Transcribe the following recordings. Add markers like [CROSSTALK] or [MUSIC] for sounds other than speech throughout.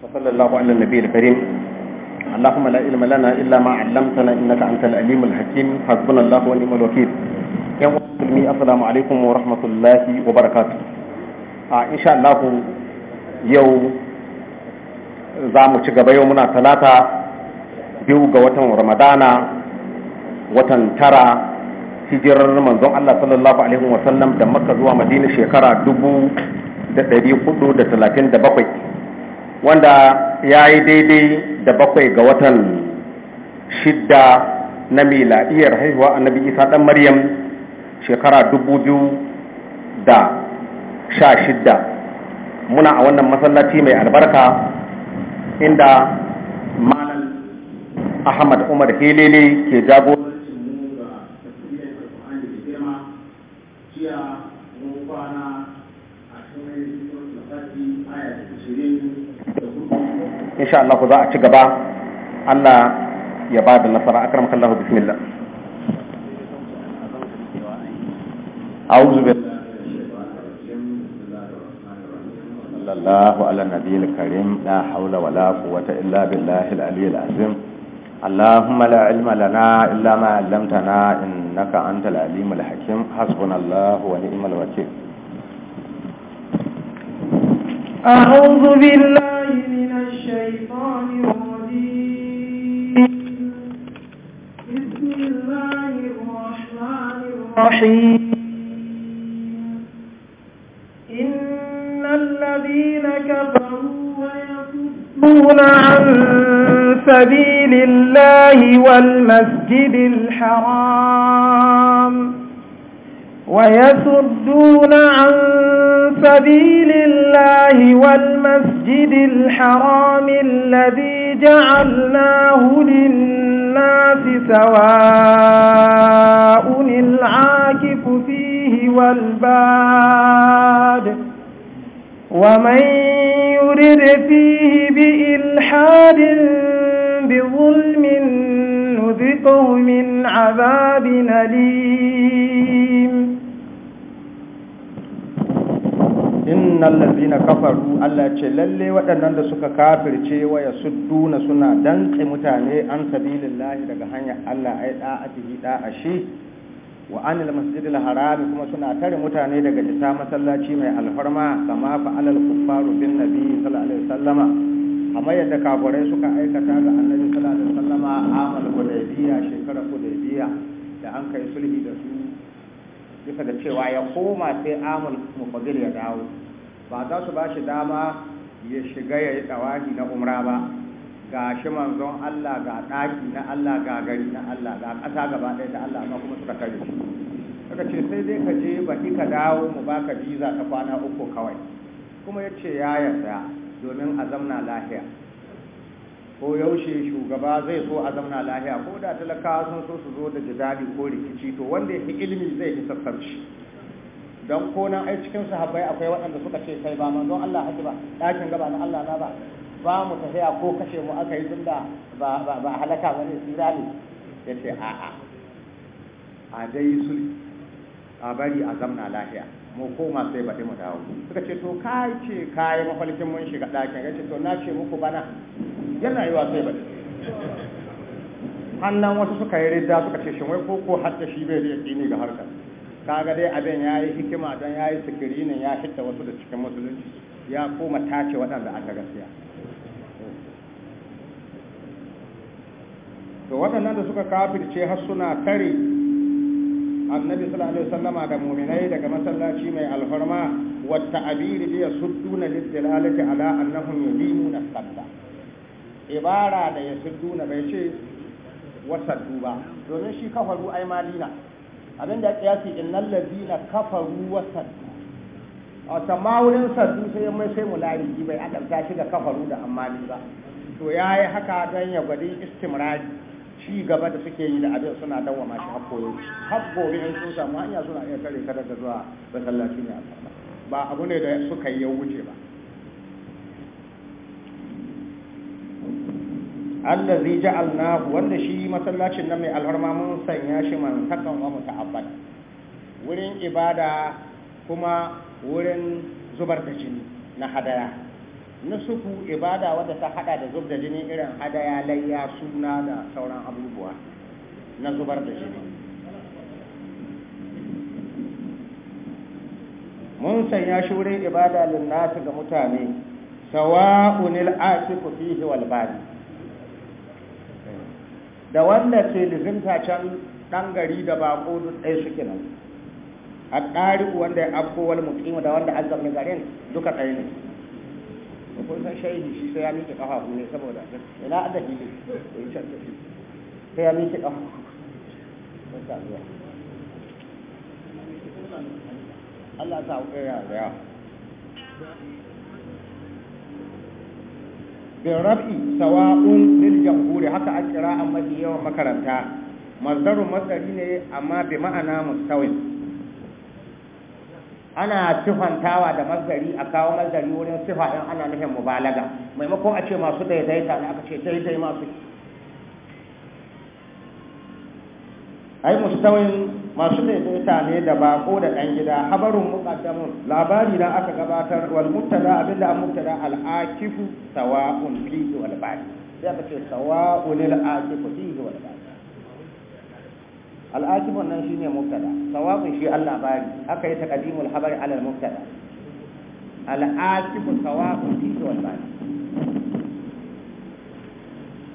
وصلى الله على النبي الكريم اللهم لا علم لنا إلا ما علمتنا العليم الحكيم حسبنا الله ونعم الوكيل السلام عليكم الله وبركاته آه شاء الله يوم zamu ci gaba yau muna talata biyu ga watan ramadana watan tara hijirar manzon Allah sallallahu alaihi wasallam da maka zuwa madina shekara dubu da hudu da talatin da bakwai wanda ya yi daidai da bakwai ga watan shidda na miladiyar haihuwa annabi isa dan maryam shekara dubu biyu da sha shidda muna a wannan masallaci mai albarka inda malam ahmad umar helele ke jagorar in sha za a ci gaba Allah ya ba da nasara akram kallahu bismillah a'udhu billahi ala nabiyil karim la hawla wala quwwata أعوذ بالله من الشيطان الرجيم بسم الله الرحمن الرحيم إن الذين كفروا ويصدون عن سبيل الله والمسجد الحرام ويصدون عن سبيل الله والمسجد الحرام الذي جعلناه للناس سواء العاكف فيه والباد ومن يرد فيه بإلحاد بظلم نذقه من عذاب أليم innal ladina kafaru Allah ce lalle waɗannan da suka kafirce waya sudduna suna dantse mutane an sabilillahi daga hanyar Allah ai da'atihi da'ashi wa anil masjidil harami kuma suna tare mutane daga isa masallaci mai alfarma kama fa alal kuffaru bin nabi sallallahu alaihi wasallama amma yadda kafirai suka aikata ga annabi sallallahu alaihi wasallama amal hudaybiya shekara hudaybiya da an kai sulhi da su bisa da cewa ya koma sai amul mufadil ya dawo ba za su ba shi dama ya shiga ya yi tsawaki na umra ba ga shi manzon Allah ga ɗaki na Allah ga gari na Allah ga ƙasa gaba ɗaya ta Allah amma kuma suka kare shi suka ce sai dai ka je baki ka dawo mu baka biza ta kwana uku kawai kuma ya ce ya yarda domin a zamna lafiya. ko yaushe shugaba zai so a zamna lahiya ko da talakawa sun so su zo da jidali ko rikici to wanda ya fi ilimi zai fi sassarci don ko nan ai cikin sahabbai akwai waɗanda suka ce kai ba manzon Allah haji ba ɗakin gaba na Allah na ba ba mu tafiya ko kashe mu aka yi tunda ba halaka ba halaka bane tsira ne ce a'a a dai su a bari a zamna lahiya mu koma sai baɗi mu dawo suka ce to kai ce kai mafalkin mun shiga ɗakin ya ce to na ce muku bana yana yi wasai ba bari hannan wasu suka yi ridda suka ce shi wai koko hadda shi bai da kini ga ta kaga dai abin ya yi hikima don ya yi sikirinin ya hitta wasu da cikin musulunci ya koma tace waɗanda aka gaskiya to waɗannan da suka kafirce har suna tare annabi sallallahu alaihi wasallam da mu'minai daga masallaci mai alhurma wa ta'abiri bi yasudduna lid-dalalati ala annahum yulimuna as ibara da ya sidduna bai ce wasan duba domin shi kafaru ai malina abinda ya ce innal na kafaru duba a tamma wurin sardu sai mai sai lariki bai adamta shi da kafaru da ammali ba to ya yi haka don ya gwadi istimrari ci gaba da suke yi da abin suna ma shi har koyo har gobe in sun samu hanya suna iya kare kada da zuwa masallaci ne a ba abu ne da suka yi ya wuce ba allazi ja'alnahu wanda shi masallacin nan mai alharma mun sanya shi mantakan wa muta'abbad wurin ibada kuma wurin zubar da jini na hadaya nusuku ibada wadda ta hada da zubar da jini irin hadaya layya suna da sauran abubuwa na zubar da jini mun sanya shi wurin ibada linnati ga mutane sawa'unil asifu fihi wal badi da wanda ke lizinta can ɗan gari da bako duk ɗaya suke nan a ƙari wanda ya abko wani mutum da wanda azam ne garin duka ɗaya ne da kun san shi sai ya miƙe ƙafa ne saboda ina adadi hili da ya can tafi sai ya miƙe ƙafa Allah ta hukura a yawa bin sawa'un lil jamhuri haka a kira a mafi yawan makaranta mazdarun matsari ne amma bi ma'ana mustawin ana tufantawa da mazari a kawo mazari wurin sifa in ana nufin mubalaga maimakon a ce masu daidaita ne aka ce daidai masu ai mustawin masu daidaita ne da bako da ɗan gida habarun muqaddamun labari da aka gabatar wal mubtada abinda an mubtada al akifu sawa'un fihi wal bari sai aka ce sawa'un lil akifu fihi wal bari al akifu nan shine mubtada sawa'un shi al labari aka yi taqdimul habari ala al mubtada al akifu sawa'un fihi wal bari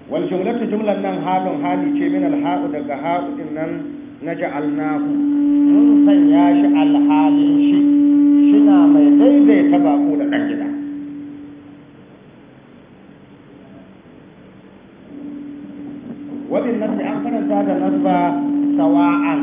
wal jumlatu jumlan nan halun hali ce min alha'u daga ha'u din nan na ja'alnahu mun sanya shi alhalin shi shina mai daidaita bako da ɗan gida Waɗannan nasi an karanta da nasba sawa'an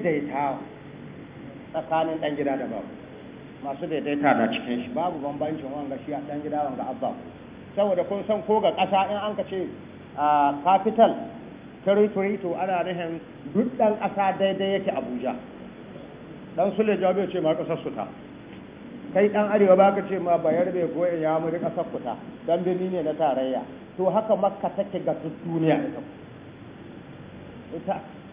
daidaita tsakanin ɗan gida da babu masu daidaita na cikin shi babu bambancin wanga shi a ɗan gida wanga abba saboda kun san ko ga ƙasa in an ka ce a capital territory to ana rahen duk ɗan ƙasa daidai yake abuja dan sule jawabi ce ma ƙasar su kai ɗan arewa ba ka ce ma bayar bai goyon ya muri ƙasar ku ta dan birni ne na tarayya to haka makka take ga duniya ita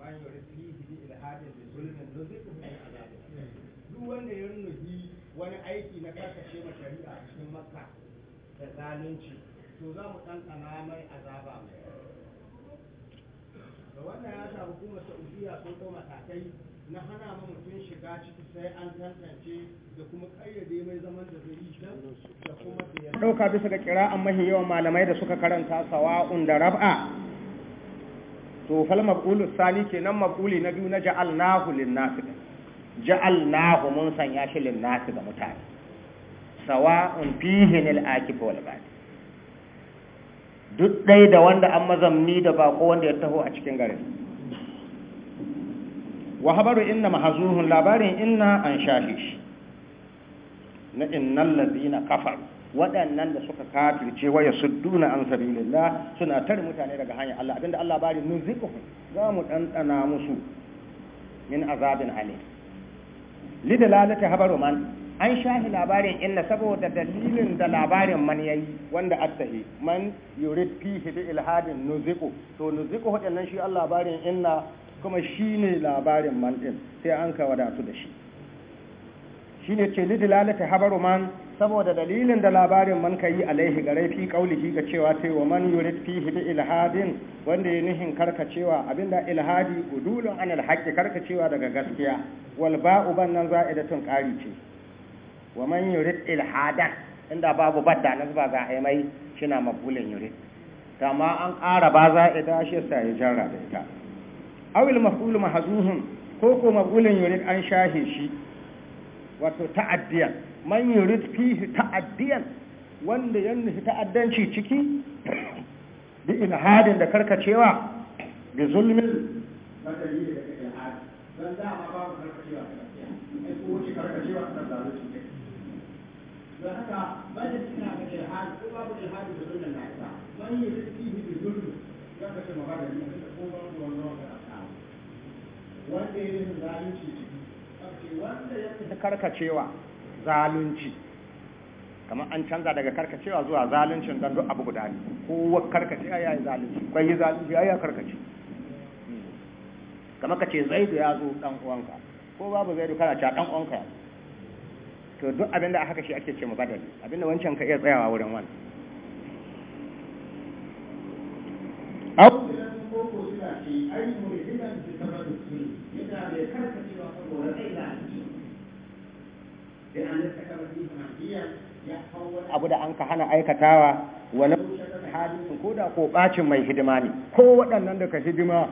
man yuridihi bi ilhadin bi zulmin nuzikum min duk wanda ya nuhi wani aiki na karkashe ma a cikin makka da zalunci to za mu ɗanɗana mai azaba mai da wannan ya sa hukumar saudiya sun ɗau matakai na hana ma mutum shiga ciki sai an tantance da kuma ƙayyade mai zaman da zai yi da kuma da ya ɗauka bisa ga kira'an mahi yawan malamai da suka karanta sawa'un da rab'a to fal sani kenan maf'uli na biyu na ja'alnahu lin-nasi ja'alnahu mun sanya shi lin-nasi ga mutane sawa'un fihi al-akif wal bad duk dai da wanda an mazamni da bako wanda ya taho a cikin garin wa habaru inna mahzuhun labarin inna an shahish na innal ladina kafaru waɗannan da suka kafirce wa duna an sabilillah suna tare mutane daga hanyar Allah abinda Allah bari mun zikihu za mu ɗanɗana musu min azabin Ali. lidalalata habaru man an shahi labarin inna saboda dalilin da labarin man yayi wanda attahi man yurid fihi bi ilhadin nuziqu to nuziqu nan shi Allah labarin inna kuma shine labarin man din sai an ka wadatu da shi shine ce lidalalata habaru man saboda dalilin da labarin man ka yi alaihi gare fi kaulihi ga cewa ta wa man yurid fi hidi ilhadin wanda ya nihin karkacewa abinda ilhadi udulun an alhaqi karkacewa daga gaskiya wal ba'u ban nan za'idatun qari ce wa man yurid ilhadan inda babu badda nan ba za a yi mai shina maqulin yurid amma an ƙara ba za'ida shi sa ya jarra da ita awil maf'ul mahzuhun ko ko maqulin yurid an shahe shi wato ta'addiyan man yurid fihi ta'addiyan wanda ya nufi ta'addanci ciki [COUGHS] bi ilhadin da karkacewa bi zulmin da dalili da ilhad dan da ma ba karkacewa ai ko shi karkacewa da zalunci ne don haka bada kina ga ilhad ko babu ilhad da zulmin da ta man yurid fihi bi zulmin ya kace magana ne ko ba wannan wanda ya nufi zalunci ciki wanda ya nufi karkacewa zalunci kamar an canza daga karkacewa zuwa zaluncin don duk abu guda ne kowa karkace ya yi zalunci kwai yi zalunci ya karkace kamar ka ce zaidu ya zo dan uwanka ko babu zaidu kana ce dan uwanka to duk abinda a haka shi ake ce mubadal abinda wancan ka iya tsayawa wurin wani au ko ko suna ce ai mu'minan bi sababin sunni ina da karkacewa saboda kai abu da an ka hana aikatawa wani hadisin ko da ko bacin mai hidima ne ko waɗannan da ka hidima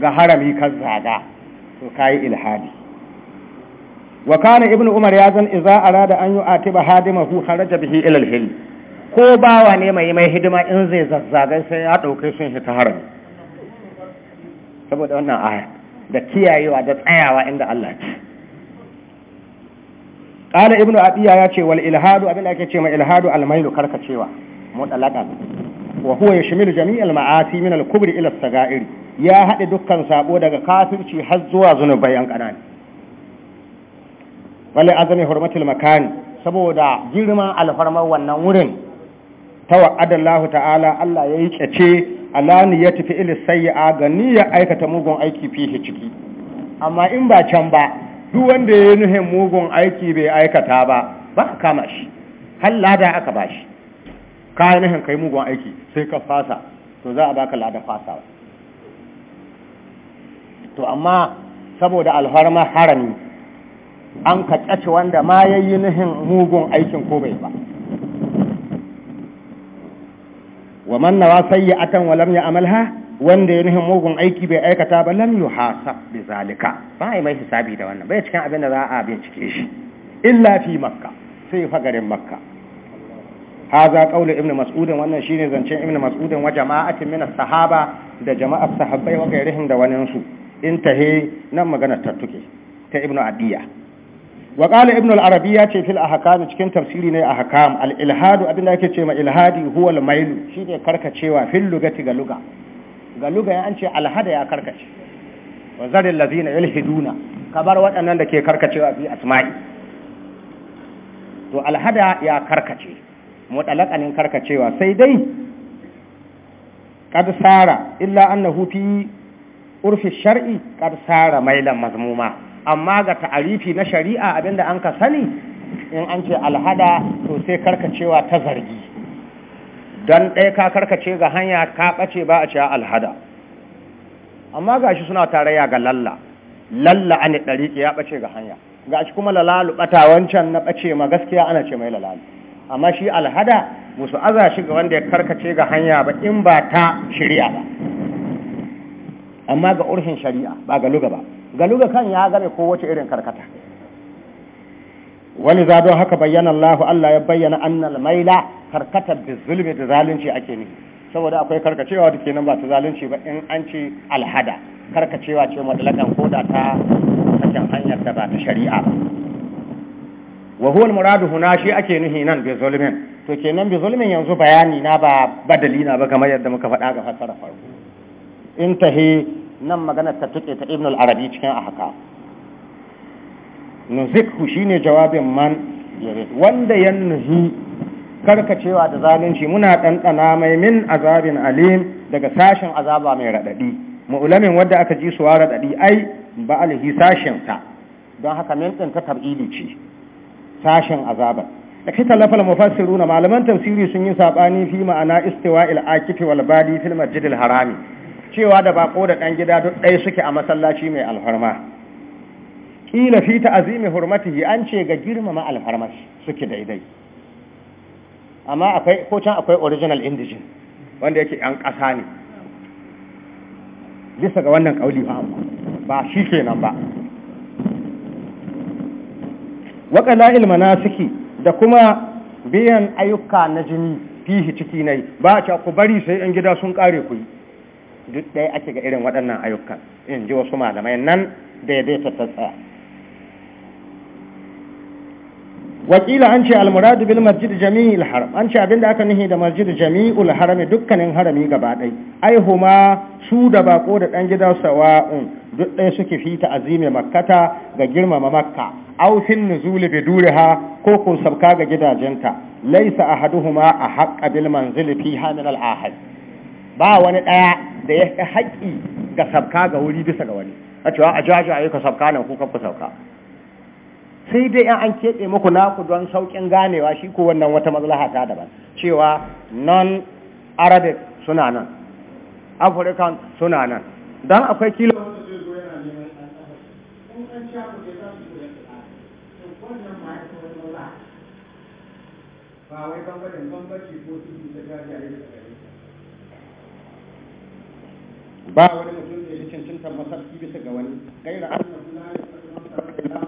ga harami kan zaga to kayi ilhadi wa kana ibnu umar ya zan iza arada an yu'atiba Hadima kharaja bihi ila al ko bawa ne mai mai hidima in zai zazzaga sai ya dauke shi hita harami saboda wannan aya da kiyayewa da tsayawa inda Allah ce Ƙala ibnu adiya ya ce wal ilhadu abin da ake ce ma ilhadu al mailu karkacewa mutlaqan wa huwa yashmilu jami' ma'asi min kubri ila sagairi ya haɗe dukkan sako daga kafirci har zuwa zunubai an kanani Wani azumin hurmatil makani. saboda girma alfarmar wannan wurin ta wa'adallahu ta'ala Allah yayi kyace ya tafi fi'il sayyi'a ga niyyar aikata mugun aiki fihi ciki amma in ba can ba duk wanda ya nuhin mugun aiki bai aikata ba ba ka kama shi har lada aka ba shi ka yi nuhin kai mugun aiki sai ka fasa to za a baka lada fasawa to amma saboda alharma harami an ka ƙace wanda ma ya yi nuhin mugun aikin ko bai ba wa man nawa atan wa lam ya'malha wanda ya nuhin mugun aiki bai aikata ba lam yuhasab bi zalika ba yi mai hisabi da wannan bai cikin abin da za a bincike shi illa fi makka sai fa garin makka haza qaulu ibnu mas'ud wannan shine zancen ibnu mas'ud wa jama'atin min sahaba da jama'ar sahabbai wa gairihin da wani su intahe nan magana tattuke ta ibnu adiya wa qala ibnu al-arabi ya ce fil ahkam cikin tafsiri ne ahkam al-ilhad abin da yake ce ma ilhadi huwa al-mail shine karkacewa fil lugati ga lugha ga lugayen an ce alhada ya karkace wa zarin lazina ilhiduna ka bar waɗannan da ke karkacewa fi asma'i to alhada ya karkace mutalaqanin karkacewa sai dai kad sara illa annahu fi urfi shar'i kad sara mailan mazmuma amma ga ta'arifi na shari'a abinda an ka sani in an ce alhada to sai karkacewa ta zargi don ɗaya ka karkace ga hanya ka ɓace ba a cewa alhada amma gashi suna tarayya ga lalla lalla an ɗariƙe ya ɓace ga hanya gashi kuma lalalu ɓata wancan na ɓace ma gaskiya ana ce mai lalalu amma shi alhada musu aza shi ga wanda ya karkace ga hanya ba in ba ta shirya ba amma ga urhin shari'a ba galuga ba galuga kan ya game kowace irin karkata wani zado haka bayyana Allah Allah ya bayyana annal maila karkatar da zulmi da zalunci ake ne saboda akwai karkacewa da kenan ba ta zalunci ba in an ce alhada karkacewa ce madalakan koda ta sakin hanyar da ba ta shari'a ba wa muradu huna shi ake nuhi nan bi zulmin to kenan bi zulmin yanzu bayani na ba badali na ba kamar yadda muka faɗa ga fassara farko In tahi nan maganar ta tuke ta ibn arabi cikin ahkam nuzikhu shine jawabin man wanda ya nuhi Karka cewa da zalunci muna ɗanɗana mai min azabin alim daga sashen azaba mai raɗaɗi mu'ulamin wadda aka ji suwa raɗaɗi ai ba alhi sashensa don haka min ɗin ta tab'ili ce sashen azaba da kai kita mufassiru na malaman tafsiri sun yi saɓani fi ma'ana istiwa il akifi wal badi fil majidil harami cewa da bako da ɗan gida duk ɗaya suke a masallaci mai alfarma kila fi azimi hurmatihi an ce ga girmama alfarmar suke daidai amma akwai ko can akwai original indigen wanda yake yan kasa ne bisa ga wannan kauli ba ba shi kenan ba waƙala ilmana suke da kuma biyan ayyuka na jini fihi ciki na nai ba a ku bari sai yan gida sun kare ku duk ɗaya ake ga irin waɗannan ayyukan in ji wasu malamai nan daidaita ta tsaya wakila an ce almuradu bil masjid jami'ul haram an ce abinda aka nihi da masjid jami'ul harami dukkanin harami gaba ɗai ai huma su da bako da ɗan gida sawa'un duk ɗaya suke fi ta'azimi makkata ga girmama makka aw fil nuzul bi duriha ko ko sabka ga gidajenta laysa ahaduhuma ahqqa bil manzil fi min al ahad ba wani ɗaya da ya haƙƙi ga sabka ga wuri bisa ga wani a cewa a jajaye ka sabka nan ko sabka sai dai in an keɓe muku naku don sauƙin ganewa shi ko wannan wata maslaha ta daban cewa non arabic suna nan african suna nan don akwai kilo ba wani mutum da ya cancanta masarki bisa ga wani gaira an annabi na ya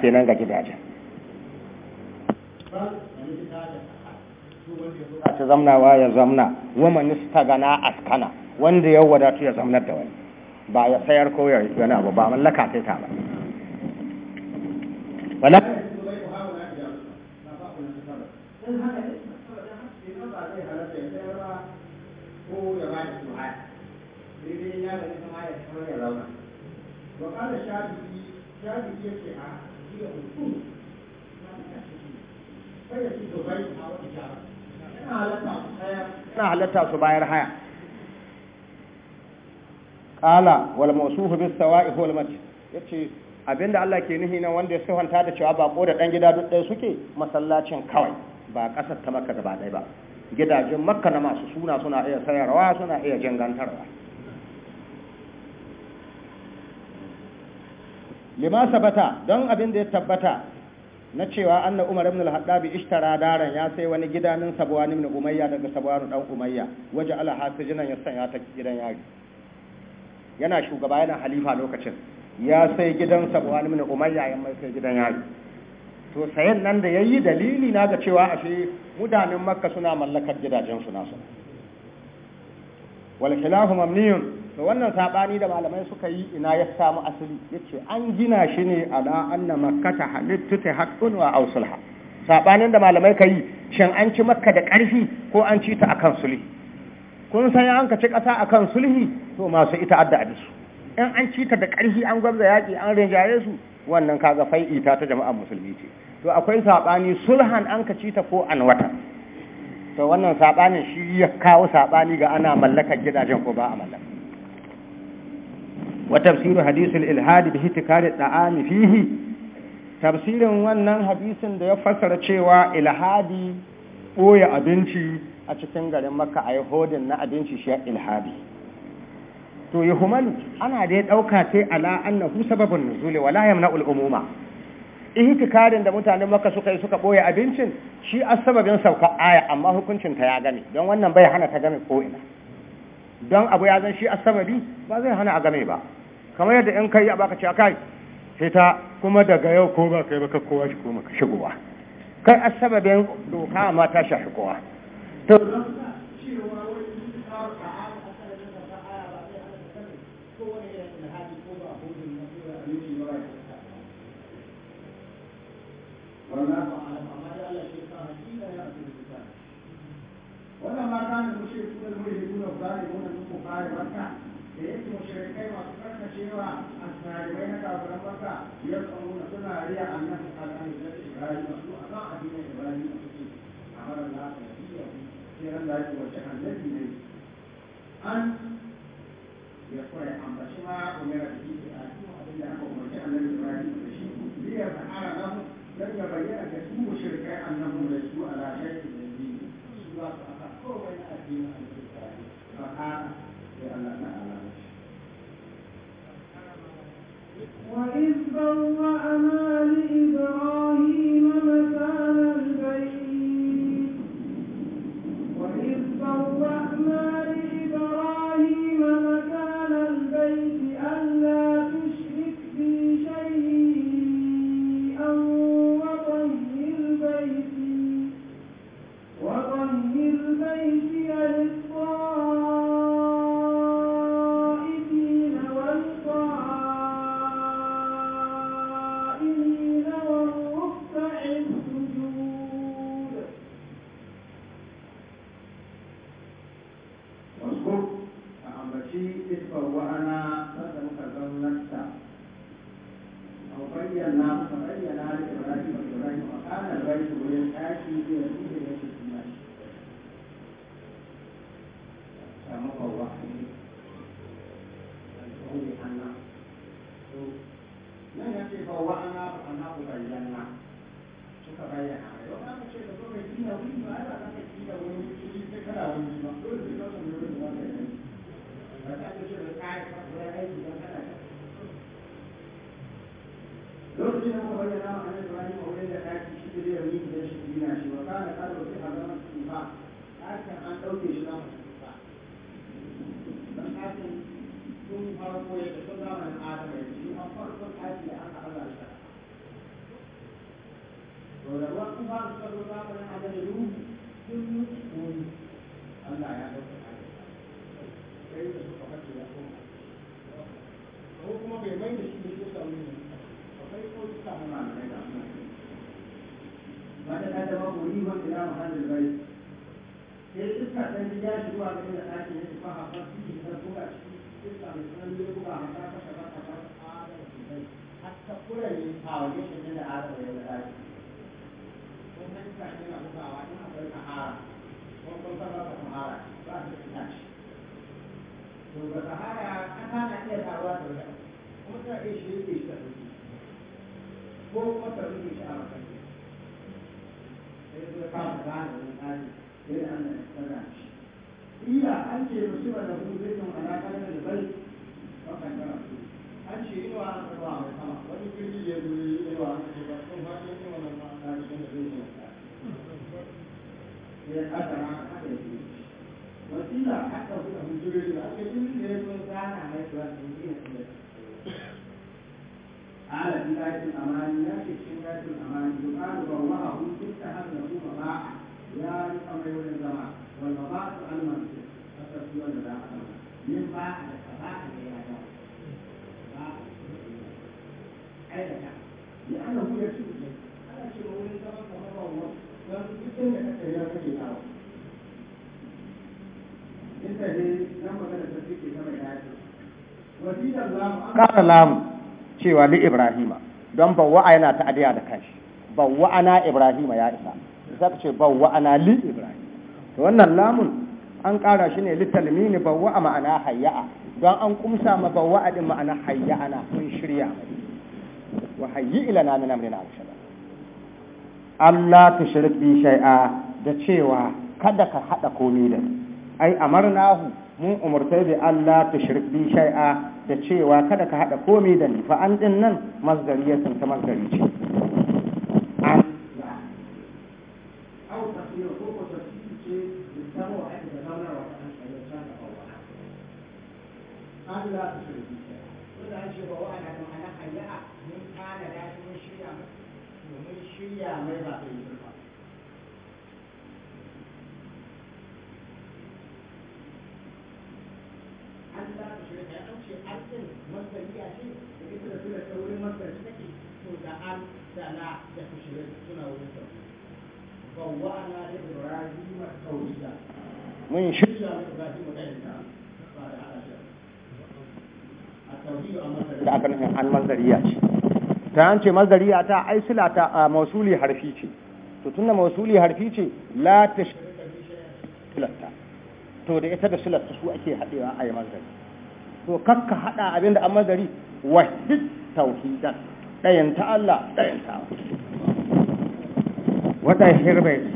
kenan ga gidajen ta zamnawa ya zamna wama ta gana askana wanda ya wadatu ya zamnar da wani ba ya sayar ko ya yi abu ba mallaka sai ta ba wala وقال الشافعي 家里这些啊，只有父母，那那是什么？或者是走外头的家，那还能打牌呀？na halatta su bayar haya kala wal mausufu bis sawa'i wal masjid yace abinda Allah ke nuhi nan wanda ya sifanta da cewa bako da ɗan gida duk ɗaya suke masallacin kawai ba ƙasar ta Makka gaba ɗaya ba gidajen Makka na masu suna suna iya sayarwa suna iya jangantarwa lima sabata don abin da ya tabbata na cewa anna umar ibn al ishtara daran ya sai wani gidanin sabuwan ibn umayya daga sabuwan dan umayya waje ala Jinan ya sanya ta gidan yari yana shugaba yana halifa lokacin ya sai gidan sabuwan ibn umayya ya mai sai gidan yari to sayan nan da yayi dalili na ga cewa ashe mutanen makka suna mallakar gidajen su nasu wal khilafu mamniyun to wannan sabani da malamai suka yi ina ya samu asali yace an gina shi ne ala anna makkata ta haqqun wa ausulha sabanin da malamai kai shin an ci makka da karfi ko an ci ta akan sulhi kun san an ka ci kasa akan sulhi to masu ita adda su. in an ci ta da karfi an gwamza yaki an rinjaye su wannan kaga fai'i ta ta jama'ar musulmi ce to akwai sabani sulhan an ka ci ta ko an wata to wannan sabanin shi ya kawo sabani ga ana mallakar gidajen ko ba a mallaka وتفسير حديث الإلحاد باهتكار الطعام فيه tafsirin wannan hadisin da ya fassara cewa ilhadi ɓoye abinci a cikin garin maka a hodin na abinci shi ilhadi to yi ana da ya ɗauka sai ala annahu sababin nuzuli wala yamna'ul umuma ihtikarin da mutanen maka suka yi suka ɓoye abincin shi a sababin sauka aya amma hukuncin ta ya gane don wannan bai hana ta gane ko ina don abu ya zan shi asamadi ba zai hana a game ba kamar yadda in kai a baka cewa kai fita kuma daga yau ko ba kai baka kowa shi kuma shigowa kai asababin doka ma ta shafi kowa to Thank you. فلما كان المشركون الملحدون الظالمون من كفار مكة سيأتي مشركين وأصبحت شيوعا أسمار بين كافر مكة يزعمون سنة هي أنهم قد أنزلت إبراهيم وأطاع دين إبراهيم أمر الله نبيه سير الله وجه الذي أن يقول عن بشما أمر به أن وجه الذي إبراهيم بشير ليظهر له لم يبين كثير مشركين أنهم ليسوا على شيء من دينه وإذ بوأنا لإبراهيم مكان البيت وإذ بوأنا ja shi zuwa ga inda ɗaki ne ba a ba su yi da buga shi iska mai tsanani ya buga a ta kashe ta kashe adar su zai hatta kura ne a waje shi da adar ya ga ɗaki wannan iska ne na bugawa in akwai sahara wannan sama da sahara ba su da tashi to ga sahara an hana iya taruwa da wuya kuma tana iya shi yake shi da sauki ko kuma ta rufe shi a makasai sai su da fara gane wani tsari sai an da shi kila an ce musibar da kuma zai yin alaƙa da bal an ce yi wa aka ba sama wani kirki ya zo yi yi ce ba sun fashe yi wa nan ma a da zai yi ya aka ma aka yi wasila aka kuma da aka yi da ya zana mai zuwa da yi da قال في آية الأمان لا تشكي آية الأمان يقال رواه ستة هم ya yi لا يقبل الزمان والوفاة lamu cewa li Ibrahima don bawwa'a yana ta'adiyya da kanshi, bawwa'ana Ibrahima ya isa, zaka ce bawwa'ana li Ibrahima. wannan lamun an ƙara shi ne bawa bawwa ma'ana hayya'a don an kumsa ma bawwa a ma'ana hayya'a na kun shirya wa hayyi ila na na amrina arshada Allah tushrik bi shai'a da cewa kada ka hada komai da ai marnahu mun umurtai bi Allah tushrik bi shai'a da cewa kada ka hada komai da ni fa an din nan sun ta mazgari ce لا تشرك suna cewa wa'anda ma'ana hayya'a mun kana da shi mun shirya mun shirya mai ba ta yi shirka an za ku shirya ya ɗauce an ɗin masari a ce da ita da suna ta wurin masari take to da an da na da ku shirya suna wurin sauri bawwa ana da ibrahim tauhida mun shirya mai ibrahim da da aka nufin an mazariya ce ta an ce mazariya ta ai ta a mausuli harfi ce to tunda mausuli harfi ce la ta silatta to da ita da silatta su ake haɗewa a yi mazari to kakka haɗa abin da an mazari wahid tauhidan ɗayan ta Allah ɗayan ta wata hirbe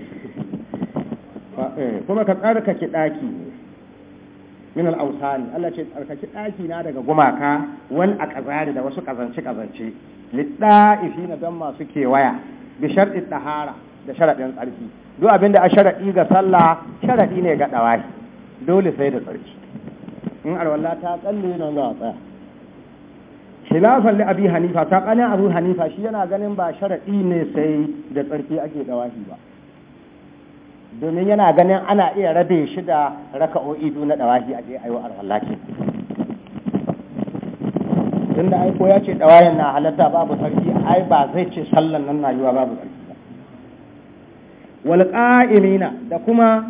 eh, kuma ka ki ɗaki ne min al-awsani Allah ce tsarkaki daki na daga gumaka wal aqzari da wasu ƙazance-ƙazance kazance na dan masu kewaya bi sharti tahara da sharadin tsarki duk abinda a sharadi ga sallah sharadi ne ga dawahi dole sai da tsarki in alwala ta tsalle ne ga tsaya khilafan li abi hanifa ta qana abu hanifa shi yana ganin ba sharadi ne sai da tsarki ake dawahi ba domin yana ganin ana iya rabe shi da raka'o'i biyu na dawahi a je ayo alwallaki tun ai ko ya ce dawayan na halatta babu sarki ai ba zai ce sallan nan na babu sarki ba wal qa'imina da kuma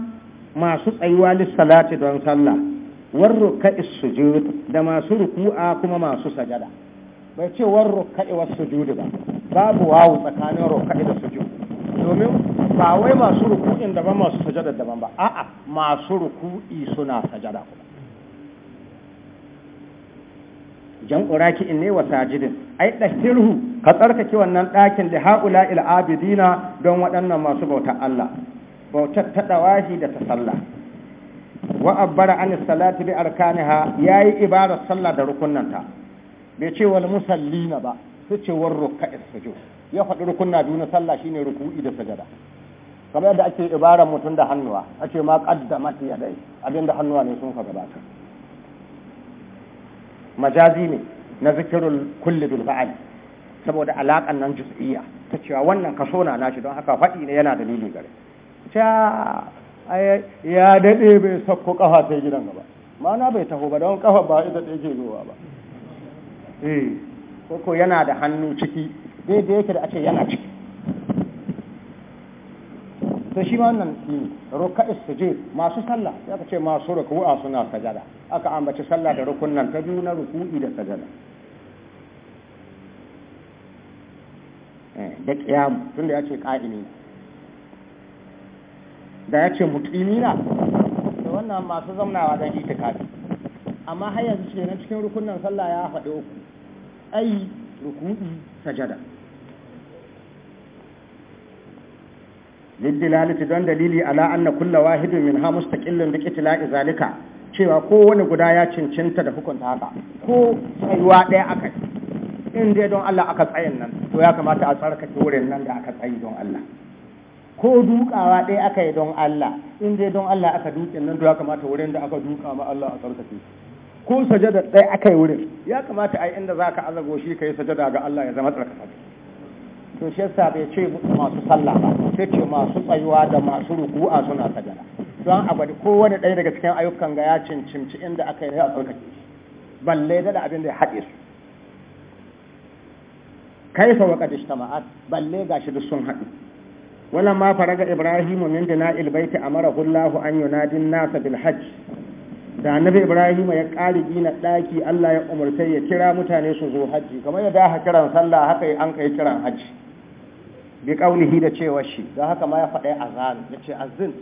masu tsayuwa lissalati don sallah war su sujud da masu ruku'a kuma masu sajada bai ce war ruka'i was sujud ba babu wawu tsakanin ruka'i da sujud domin ba wai masu ruku'in daban masu sajada daban ba a'a masu ruku'i suna sajada kuma ƙuraki in ne wa sajidin ai dahirhu ka tsarkake wannan ɗakin da haula il'abidina abidina don waɗannan masu bautar Allah bautar ta dawahi da ta sallah wa abbara an salati bi arkaniha yayi ibarar sallah da rukunnanta bai ce wal musallina ba Su ce war ruka'is sujud ya faɗi rukunna biyu sallah shine ruku'i da sajada kamar yadda ake ibarar mutum da hannuwa ake ma ya dai abinda hannuwa ne sun ka gabata majazi ne na zikirul kulli bil fa'al saboda alaƙan nan juz'iyya ta cewa wannan kaso na nashi don haka faɗi ne yana dalili gare ta ya daɗe bai sakko ƙafa sai gidan gaba na bai taho ba don ƙafa ba ita da ke zuwa ba eh ko yana da hannu ciki daidai yake da a yana ciki to shi ma wannan ruka istijib masu sallah sai aka ce masu ruku'a suna sajada aka ambaci sallah da rukunnan ta biyu na ruku'i da sajada eh, da qiyam tunda ya ce qa'imi da ya ce na to wannan masu don dan itikafi amma har yanzu ce na cikin rukunnan sallah ya faɗi uku ai ruku'i sajada liddilalati don dalili ala anna kulla wahidun min ha mustaqillun bi itla'i cewa kowane guda ya cincinta da hukunta haka ko tsayuwa ɗaya aka in dai don Allah aka tsayin nan to ya kamata a tsarkake wurin nan da aka tsayi don Allah ko dukawa ɗaya aka yi don Allah in dai don Allah aka duke nan to ya kamata wurin da aka duka ma Allah a tsarkake ko sajada ɗaya aka yi wurin ya kamata a yi inda za ka azago shi ka yi sajada ga Allah ya zama tsarkake to shi yasa bai ce masu sallah ba sai ce masu tsayuwa da masu ruku'a suna sajada don a gwada kowane ɗaya daga cikin ayyukan ga ya cincinci inda aka yi a tsarkake balle da da abin da ya haɗe su kai sa waka dijtama'at balle gashi duk sun haɗu wannan ma faraga ibrahimu min na'il baiti amara Allahu an yunadin nasa bil hajj da annabi ibrahimu ya ƙari gina ɗaki Allah ya umarta ya kira mutane su zo haji kamar yadda aka kiran sallah haka an kai kiran haji bi kaunihi da cewa shi don haka ma ya faɗa azan ya ce azin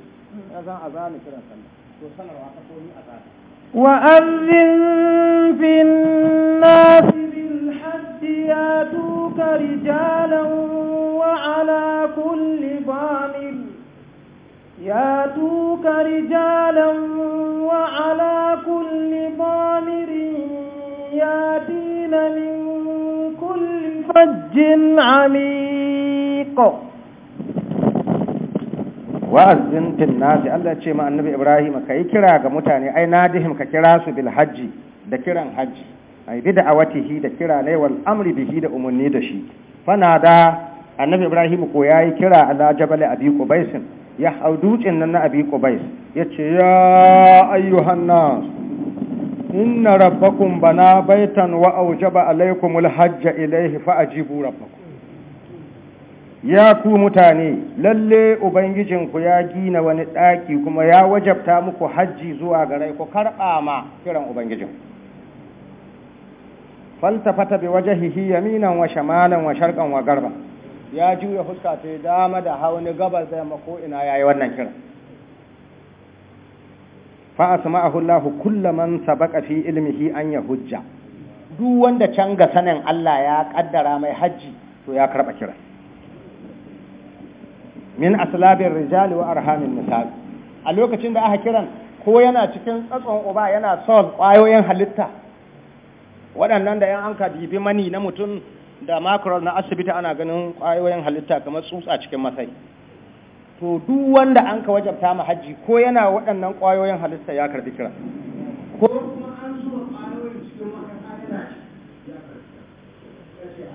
azan azan kiran sallah to sanarwa ta komi azan wa azin fin nas bil hajj ya tuka rijalan wa ala kulli ya bamil ياتوك رجالا وعلى كل ضامر ياتين من kulli. فج عميق ko wa'azin tin nasi Allah ce ma annabi Ibrahim ka yi kira ga mutane ai nadihim ka kira su bil hajji da kiran hajji ai bi da'awatihi da kira ne wal amri bihi da umarni da shi fanada annabi Ibrahim ko yayi kira ala jabal abi qubais ya haudu cin nan na abi qubais yace ya ayyuhan nas inna rabbakum bana baitan wa awjaba alaykumul hajja ilayhi fa ajibu rabbakum ya ku mutane lalle ubangijinku ya gina wani ɗaki kuma ya wajabta muku hajji zuwa gare ku karɓa ma kiran ubangijin fata bi wajhihi yaminan wa shamalan wa sharqan wa garba ya juya fuska ta dama da hauni gabas da yamma ko ina yayi wannan kiran fa asma'ahu Allah kullaman sabaqa fi ilmihi an yahujja duk wanda can sanin Allah ya kaddara mai hajji to ya karɓa kiran min aslabin rijali wa arhamin nisa'i a lokacin da aka kiran ko yana cikin tsatson uba yana son ƙwayoyin halitta waɗannan da yan anka dibi mani na mutum da makro na asibiti ana ganin ƙwayoyin halitta kamar tsutsa cikin masai to duk wanda an ka wajabta ma hajji ko yana waɗannan ƙwayoyin halitta ya karbi kira ko kuma an so ƙwayoyin cikin masai ya karbi kira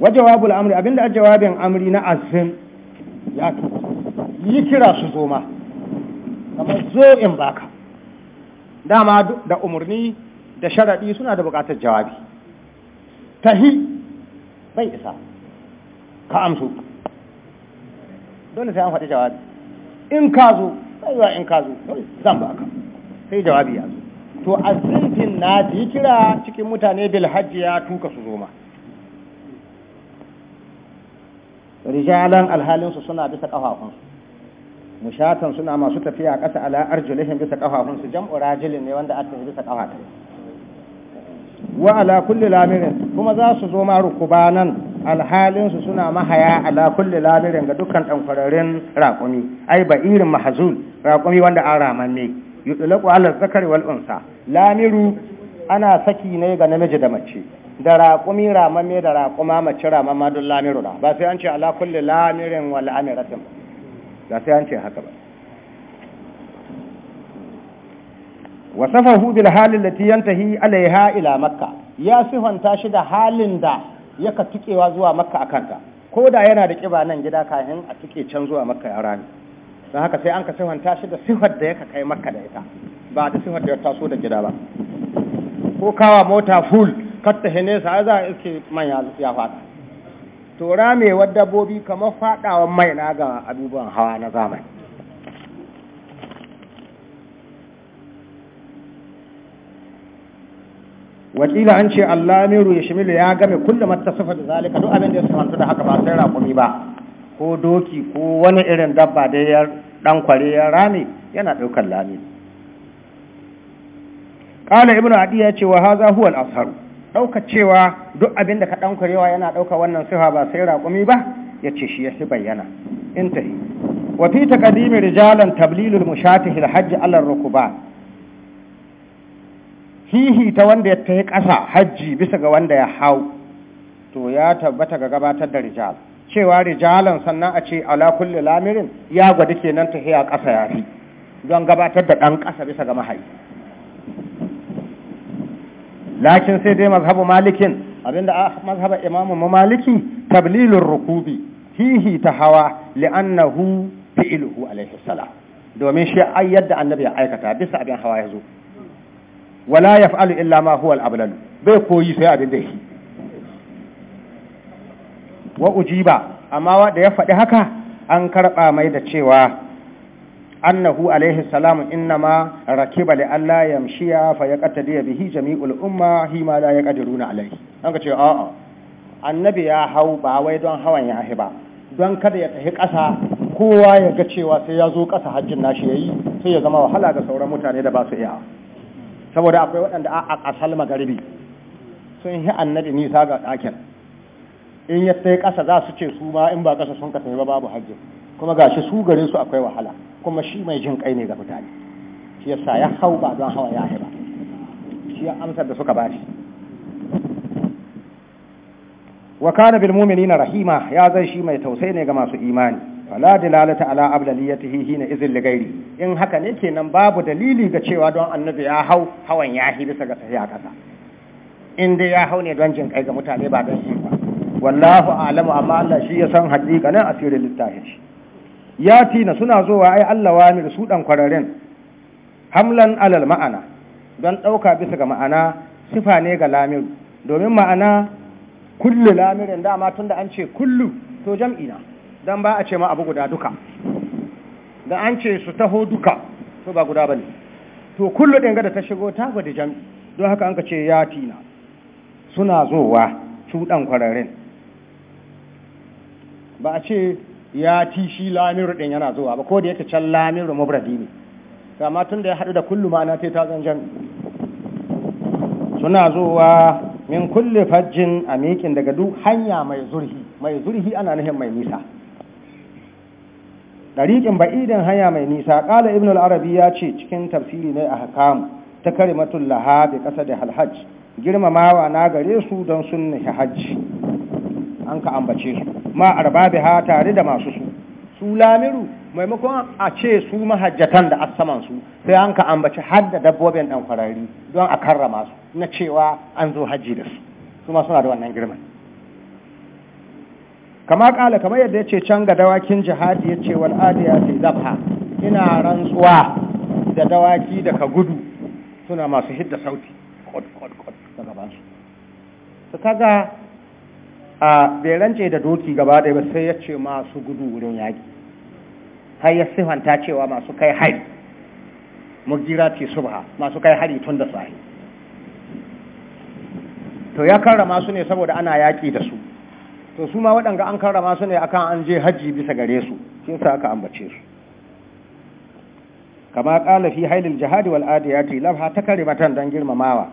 wa amri abinda a jawabin amri na azim ya yi kira su zo ma kamar zo in baka dama da umarni da sharaɗi suna da buƙatar jawabi tahi bai isa ka amsu dole sai an faɗi jawabi in ka zo bai in ka zo zan baka sai jawabi ya zo to azinfin na ji kira cikin mutane bilhajji ya tuka su zoma rijalan alhalinsu suna bisa ƙafafunsu mushatan suna masu tafiya ƙasa ala arjulihin bisa ƙafafunsu jam'u rajilin ne wanda aka bisa ƙafata wa ala kulli lamirin kuma za su zo ma rukubanan alhalinsu suna mahaya ala kulli lamirin ga dukkan kwararin raƙumi ai ba irin mahazul raƙumi wanda an ramanne yutlaqu ala zakari wal unsa lamiru ana saki ne ga namiji da mace da raƙumi ramame da raƙuma mace ramama don lamiru na ba sai an ce ala kulli lamirin wal amiratin ba sai an ce haka ba wasafahu bil halin lati yantahi alaiha ila makka ya sifanta shi da halin da yaka tukewa zuwa makka akanta ko da yana da kiba nan gida kafin a tuke can zuwa makka ya rami don haka sai an ka sifanta shi da sifar da yaka kai maka da ita ba da sifar da ya taso da gida ba ko kawa mota full katta hene sa za a iske man ya fada to wa dabbobi kamar fadawan mai na ga abubuwan hawa na zamani wakila an ce allamiru ya shimilu ya game kullum mattasifa da zalika duk abin da ya samantu da haka ba sai rakumi ba ko doki ko wani irin dabba da ya ɗan kware ya rame yana ɗaukar lami ƙala ibn adi ya ce wa haza huwa al-azhar ɗauka cewa duk abin da ka ɗan kwarewa yana ɗauka wannan sifa ba sai raƙumi ba ya ce shi ya fi bayyana yi. wa fi taqdimi rijalan tablilul mushatihi al-hajj ala rukuba hihi ta wanda ya yi kasa hajji bisa ga wanda ya hau to ya tabbata ga gabatar da rijal cewa rijalan sannan a ce ala kulli lamirin ya gwada kenan ta hiya ƙasa ya fi don gabatar da ɗan ƙasa bisa ga mahayi lakin sai dai mazhabu malikin abinda a mazhaba imamu maliki tablilin rukubi hihi ta hawa li'annahu fi'iluhu alaihi salam domin shi ai yadda annabi ya aikata bisa abin hawa ya zo wala yaf'alu illa ma huwa al-ablal bai koyi sai abin da yake wa ujiba amma da ya faɗi haka an karɓa mai da cewa annahu alaihi salamu ma rakiba li Allah yamshiya fa yaqtadi bihi jami'ul umma ma la yaqdiruna alaihi an ka ce a'a annabi ya hau ba wai don hawan ya ba don kada ya tafi ƙasa kowa ya ga cewa sai ya zo ƙasa hajjin nashi yayi sai ya zama wahala ga sauran mutane da ba su iya saboda akwai waɗanda a asal magaribi sun yi annabi nisa ga ɗakin in ya sai ƙasa za su ce su ma in ba ƙasa sun kasance ba babu hajji kuma ga shi su gare su akwai wahala kuma shi mai jin kai ne ga mutane shi sa ya hau ba don hawa ya ba shi amsar da suka bashi wa kana bil mu'minina rahima ya zai shi mai tausayi ne ga masu imani fala dilalata ala ablaliyatihi hina izin li gairi in haka ne kenan babu dalili ga cewa don annabi ya hau hawan yahi bisa ga sahiya kasa in dai ya hau ne don jin kai ga mutane ba don shi ba wallahu a'lamu amma Allah shi ya san hakikanin asirin littafin shi ya tina suna zowa ai Allah wani da su dan kwararin hamlan alal ma'ana don ɗauka bisa ga ma'ana sifa ne ga lamiru domin ma'ana kullu lamirin dama tun da an ce kullu to jam'ina don ba a ce ma abu guda duka da an ce su taho duka to ba guda bane to kullu ɗin da ta shigo ta gwada jam'i don haka an ka ce ya tina suna zowa dan kwararin. ba a ce ya ti shi lamiru din yana zuwa ba ko da yake can lamiru mubradi ne kama tun da ya haɗu da kullu ma'ana ta zan jan suna zuwa min kulle fajjin a mekin daga duk hanya mai zurhi mai zurhi ana nufin mai nisa ɗariƙin ba'idin hanya mai nisa ƙala ibn al ya ce cikin tafsiri ne a hakamu ta kare matun bi ƙasa da halhaj girmamawa na gare su don sun hajji an ka ambace su ma ha tare da masu su su lamiru maimakon a ce su mahajjatan da asaman su sai an ka ambaci har da dabbobin dan farari don a karrama su na cewa an zo hajji da su su ma suna da wannan girman kama kala kamar yadda ya ce can ga dawakin jihadi ya ce wal'adiya sai zafa ina rantsuwa da dawaki daga gudu suna masu hidda sauti kod kod kod daga ban su kaga a bai rance da doki gaba ɗaya ba sai ya ce masu gudu wurin yaƙi har ya siffanta cewa masu kai hari mujira ce subha masu kai hari tun da sahi to ya karrama su ne saboda ana yaƙi da su to su ma waɗanga an karrama su ne akan an je hajji bisa gare su sun sa aka ambace su kama ƙala fi hailil jihadi wal adiyati labha ta karimatan dan girmamawa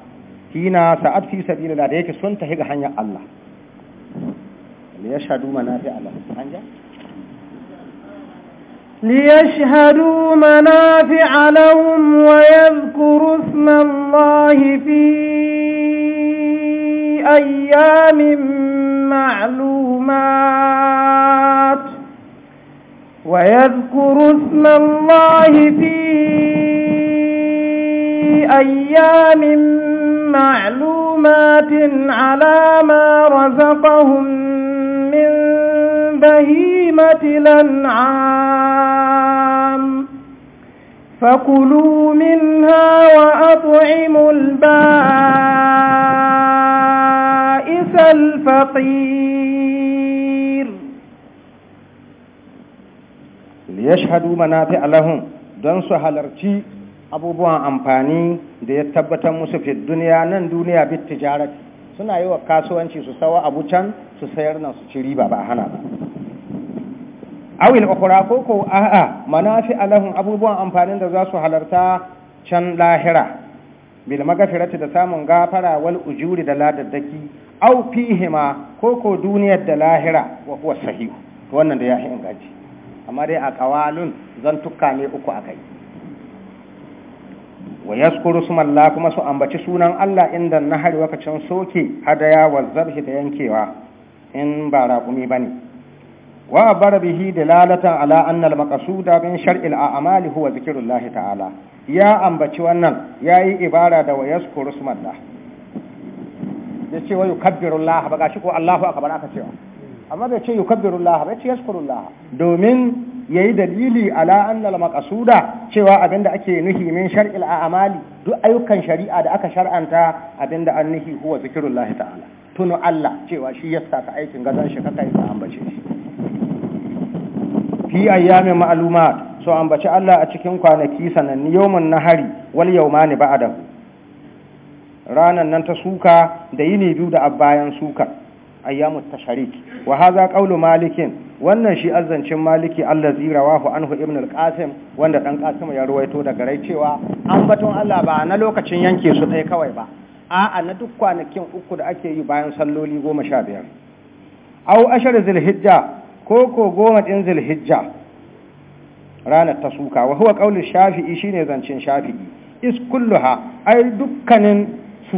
hina sa'ad fi sabilillah da yake sun tahi ga hanyar Allah ليشهدوا منافع لهم ليشهدوا منافع لهم ويذكروا اسم الله في أيام معلومات ويذكروا اسم الله في أيام معلومات على ما رزقهم من بهيمة الأنعام فكلوا منها وأطعموا البائس الفقير ليشهدوا منافع لهم دنسو هالرتي أبو بوان أمباني ديتبتا موسى في الدنيا نن دنيا بالتجارة suna yi wa kasuwanci su sawa abu can su sayar nan su ci riba ba a hana ba awil ukura ko ko a'a manafi alahun abubuwan amfanin da za su halarta can lahira bil magafirati da samun gafara wal ujuri da ladaddaki aw fihima ko ko duniyar da lahira wa huwa sahihu wannan da ya inganci amma dai a kawalun zan tukka ne uku akai wa yaskuru sumallah kuma su ambaci sunan Allah inda na hari wakacin soke hadaya wa zabhi da yankewa in ba raƙumi ne wa bar bihi dalalatan ala anna al-maqsuda min shar'i al-a'mali huwa zikrullah ta'ala ya ambaci wannan yayi ibara da wa yaskuru sumallah yace wa yukabbirullah ba gashi ko Allahu akbar aka cewa amma bai ce yukabbirullah ba ce yaskurullah domin yayi dalili ala annal maqsuda cewa abinda ake nuhi min shar'il a'mali duk ayyukan shari'a da aka shar'anta abinda an nuhi huwa zikrullah ta'ala tunu Allah cewa shi ya saka aikin gazan shi kaka yi ambace shi fi ayyamin ma'lumat so ambace Allah a cikin kwanaki sananni yawmun nahari wal yawmani ba'dahu ranan nan ta suka da yini biyu da abbayan suka ayyamu tashrik wa hadha qawlu malikin wannan shi azzancin maliki allazi rawahu anhu ibn al-qasim wanda dan qasim ya ruwaito daga rai cewa an Allah ba na lokacin yanke su dai kawai ba a'a na duk kwanakin uku da ake yi bayan salloli 15 aw ashar zulhijja ko ko goma din zilhijja? ranar ta wa huwa qawlu shafi'i shine zancin shafi'i is kulluha ay dukkanin su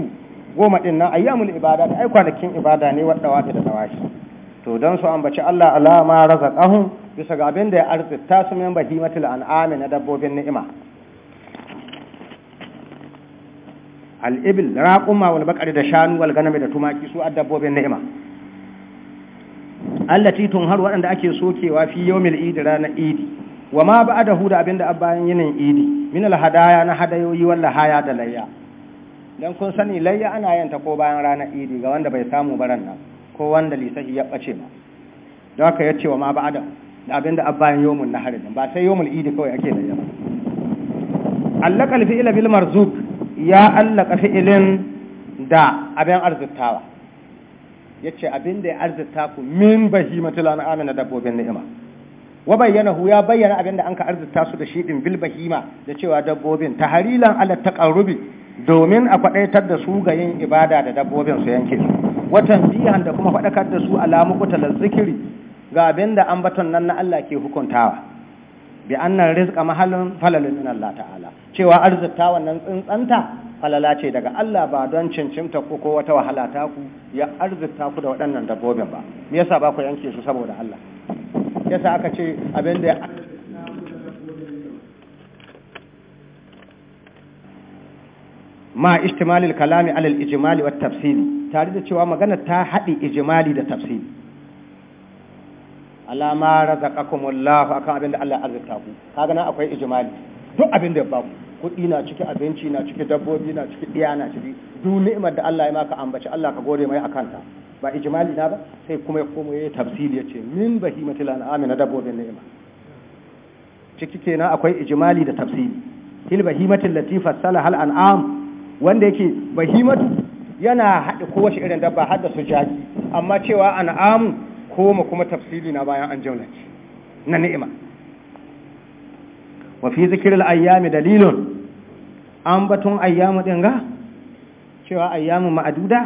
goma ɗin nan ayyamul ibada da ai kwanakin ibada ne wadda wata da tawashi to don su ambaci Allah alama razaqahum bisa ga abin da ya arzikta su min bahimatul an'ami na dabbobin ni'ima al-ibil raquma wal baqari da shanu wal ganami da tumaki su dabbobin ni'ima allati tunhar waɗanda ake sokewa fi yawmil idi ranar idi wa ma ba'dahu da abinda bayan yinin idi min al hadaya na hadayoyi wal lahaya da layya don kun sani layya ana yin ta ko bayan ranar idi ga wanda bai samu baran nan ko wanda lisahi ya bace ma don haka ya ce wa ma ba adam da abin da abbayan yomun na harin ba sai yomun idi kawai ake layya ba allaka alfi'ila bil marzuk ya allaka fi'ilin da abin arzikawa ya ce abin da ya arzikta ku min bahimatul an'ami na dabbobin ni'ima wa bayyanahu ya bayyana abin da an ka su da shi din bil bahima da cewa dabbobin taharilan ala taqarrubi domin a faɗaitar da su ga yin ibada da dabbobin su yanke su watan biyan da kuma faɗakar da su alamu kutalar zikiri ga abin da ambaton nan na Allah ke hukuntawa bi annan rizqa mahalun falalun min Allah ta'ala cewa arzikta wannan tsintsanta falala ce daga Allah ba don cincimta ko ko wata wahala ta ku ya arzikta ku da waɗannan dabbobin ba me yasa ba ku yanke su saboda Allah yasa aka ce abin da ma ishtimalil kalami alal ijimali wat tafsili tare da cewa magana ta haɗi ijimali da tafsili alama razaqakumullahu akan abin da Allah arzika ku kaga nan akwai ijimali duk abin da ya baku kuɗi na ciki abinci na ciki dabbobi na ciki ɗiya na ciki duk ni'imar da Allah ya maka ambaci Allah ka gode mai akan ta ba ijimali na ba sai kuma ya komo ya tafsili ya ce min bahimatil an'ami na dabbobin ni'ima ciki kenan akwai ijimali da tafsili til bahimatil latifa sala hal an'am wanda yake bahimatu yana haɗa kowace irin dabba har da su jaki amma cewa an'amu koma kuma tafsili na bayan an jaunace na ni'ima wa fi zikiril ayyami dalilun an batun ayyamu din ga cewa ayyamu ma'aduda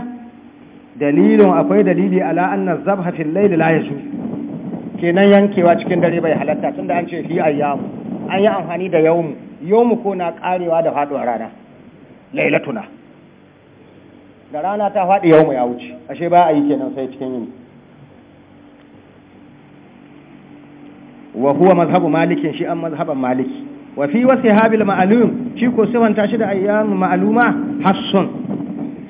dalilun akwai dalili ala anna zabha fil layl la yasu kenan yankewa cikin dare bai halatta tunda an ce fi ayyamu an yi amfani da yawmu yawmu ko na karewa da faduwar rana lailatuna da rana ta faɗi yau mu ya wuce ashe ba a yi kenan sai cikin yini wa huwa mazhabu malikin shi an mazhaban maliki wa fi wasihabil ma'lum shi ko sifanta shi da ayyan ma'luma hassun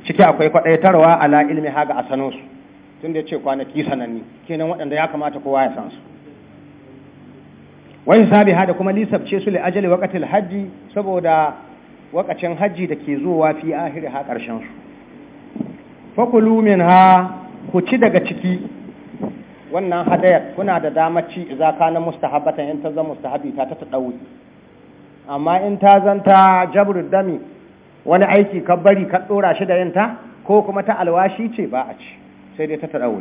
ciki akwai kwadaitarwa ala ilmi haga a sano su tunda yace kwanaki sananni kenan waɗanda ya kamata kowa ya san su wa sabi hada kuma ce su li ajali waqtil hajji saboda wakacin hajji da ke zuwa fi ahiri ha ƙarshen su fakulu min ha ku ci daga ciki wannan hadayar kuna da damar ci za ka na mustahabatan in ta zama mustahabi ta ta amma in ta zanta jabir dami wani aiki ka bari ka ɗora shi da yinta ko kuma ta alwashi ce ba a ci sai dai ta ta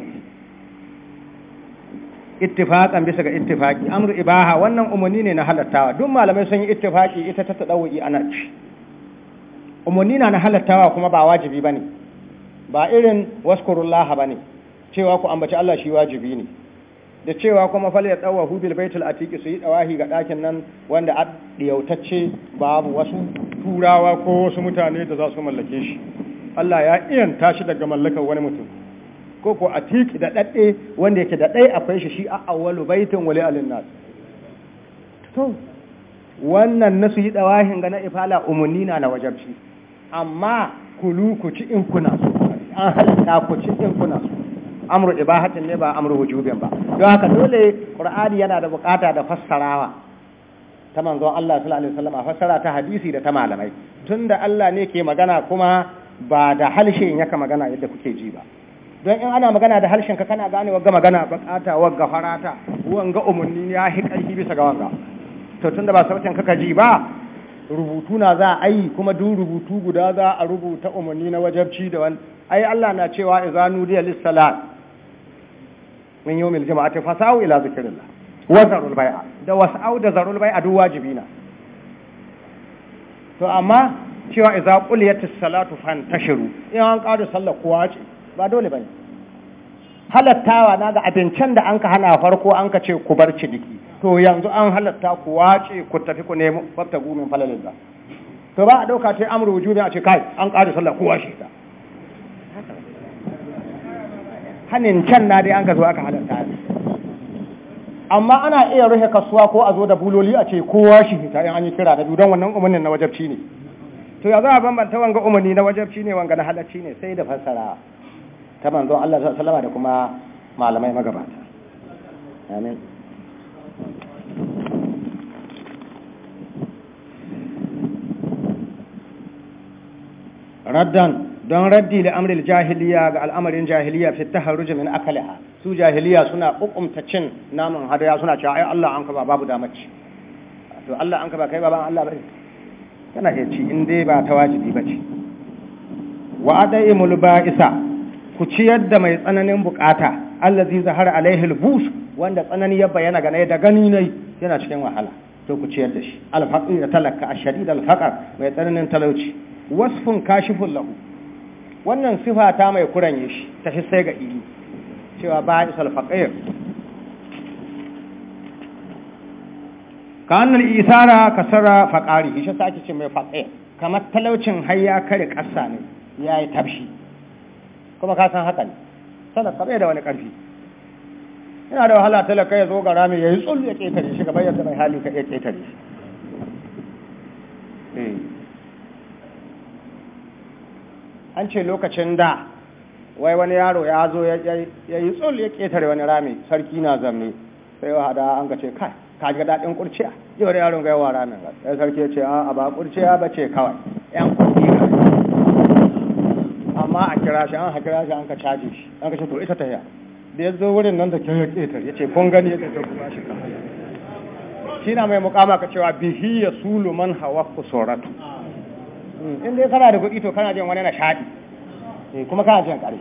ittifaqan bisa ga ittifaqi amru ibaha wannan umarni ne na halattawa duk malamai sun yi ittifaqi ita ta tadawi ana ci umarni na na halattawa kuma ba wajibi ba ne ba irin waskurullaha ba ne cewa ku ambaci Allah shi wajibi ne da cewa kuma fal ya tsawa hubil baitul atiki su yi dawahi ga ɗakin nan wanda a ɗiyautacce babu wasu turawa ko wasu mutane da za su mallake shi Allah ya iyan tashi daga mallakar wani mutum ko ko atiki da ɗaɗɗe wanda yake da ɗai akwai shi shi a awwalu baitin wali alinnas to wannan nasu yi dawahin ga na ifala umunni na na wajabci amma kulu ku ci in kuna so an halitta ku ci in kuna so amru ibahatin ne ba amru wujubin ba don haka dole qur'ani yana da bukata da fassarawa ta manzon Allah sallallahu alaihi wasallam a fassara ta hadisi da ta malamai tunda Allah ne ke magana kuma ba da halshen yaka magana yadda kuke ji ba don in ana magana da halshen ka kana gane wagga magana bukata wagga farata wanga umunni ya hi karfi bisa ga wanga to tunda ba sautin kaka ji ba rubutu na za a yi kuma duk rubutu guda za a rubuta umarni na wajabci da wani ai Allah na cewa idza nudiya lis salat min yawmil jama'ati fasau ila zikrillah wa zarul bai'a da wasau da zarul bai'a duk wajibina to amma cewa iza quliyatis salatu fantashiru in an kada sallah kowa ce ba dole bane halattawa na ga abincin da an ka hana farko an ka ce ku bar ciniki to yanzu an halatta ku wace ku tafi ku nemo fafta gumin da to ba a ɗauka sai amru wujubi a ce kai an ƙare sallah ku washe ta hanin can na dai an ka zo aka halatta ne amma ana iya rufe kasuwa ko a zo da buloli a ce kowa shi ta in an yi kira da biyu don wannan umarnin na wajabci ne to ya za a bambanta wanga umarni na wajabci ne wanga na halacci ne sai da fassara ta manzon Allah sallama da kuma malamai magabata amin raddan don raddi da amril jahiliya ga al'amarin jahiliya fi taharruj min akaliha su jahiliya suna ƙuƙumta cin naman hadaya suna cewa ai Allah an kaba babu damar to Allah an kaba kai baban Allah bai tana iya ci in dai ba ta wajibi ba ce. wa adai Isa. ku ciyar da mai tsananin bukata zai zahara alaihi bus wanda tsanani ya bayyana gane da gani ne yana cikin wahala to ku ciyar da shi alfaqir da talaka ashadid alfaqar mai tsananin talauci wasfun kashiful lahu wannan sifa ta mai kuranye shi ta shi sai ga iri cewa ba isal faqir kanan isara kasara faqari shi sai ake ce mai faqir kamar talaucin hayya kare kasa ne yayi tabshi kuma ka san haka ne talaka bai da wani karfi yana da wahala talaka ya zo ga rami ya yi tsul ya ketare shi gaba yadda mai hali ka ya ketare shi eh. an ce lokacin da wai wani yaro ya zo ya yi tsul ya ketare wani rami sarki na zamne sai wa hada an ga ce kai ka ga daɗin kurciya yau da yaron ga yawa ranar ya sarki ya ce a ba kurciya ba ce kawai yan kurciya amma a kira shi an hakira shi an ka caje shi an ka ce to ita ta ya da ya zo wurin nan da kin ya ƙetar ya ce kun gani ya ce kuma shi kan shi na mai mukama ka cewa bihi ya sulu man hawa kusuratu hmm, in dai kana da kuɗi to kana jin wani na shaɗi eh, kuma kana jin ƙarfi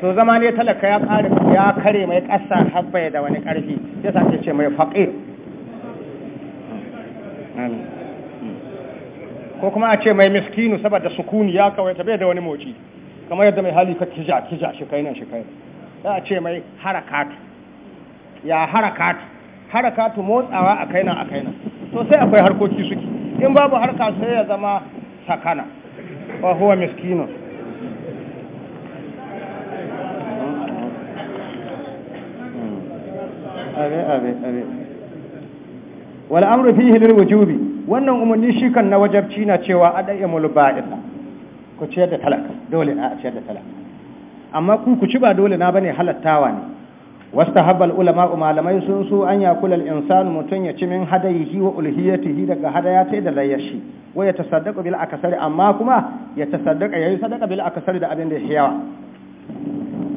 to zama ne talaka ya ƙare ya kare mai ƙasa habba da wani ƙarfi ya sake ce mai faƙir hmm. ko kuma a ce mai miskinu saboda sukuni ya kawaita bai da wani moci kamar yadda mai hali ka kija kija shi kai nan shi kai za a ce mai harakat ya harakat harakatu motsawa a kai nan a kai nan to sai akwai harkoki suke in babu harka sai ya zama sakana wa huwa miskinu abe abe abe wal amru fihi lil wujubi wannan umarni shi kan na wajabci na cewa a ɗaya mulba'in ku ciyar da talaka dole na a ciyar da talaka amma ku ku ci ba dole na bane halattawa ne wasta habbal ulama malamai sun so an ya kula insanu mutun ya ci min hadayihi wa ulhiyatihi daga hadaya sai da layashi wa ya tasaddaqu bil akasari amma kuma ya tasaddaqa yayi sadaqa bil akasari da abin da yawa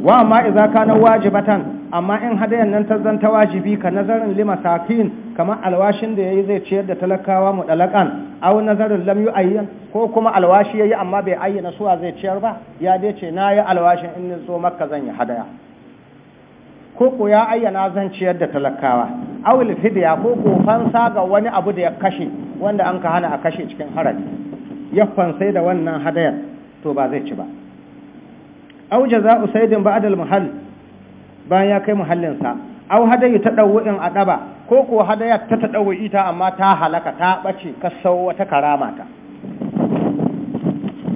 wa amma idza kana wajibatan amma in hadayan nan ta zanta wajibi ka nazarin lima sakin kamar alwashin da yayi zai ciyar da talakawa mu dalakan aw nazarin lam yu'ayyan ko kuma alwashi yayi amma bai ayyana su suwa zai ciyar ba ya dai ce yi alwashin in zo makka zan yi hadaya ko ko ya ayyana zan ciyar da talakawa aw ko ko fansa ga wani abu da ya kashe wanda an ka hana a kashe cikin haraji ya fansa da wannan hadayar to ba zai ci ba au jaza'u saidin ba'da al-muhall bayan ya kai muhallinsa au ta a adaba ko ko hadaya ta ɗauwa ita amma ta halaka ta bace kasau wata karamata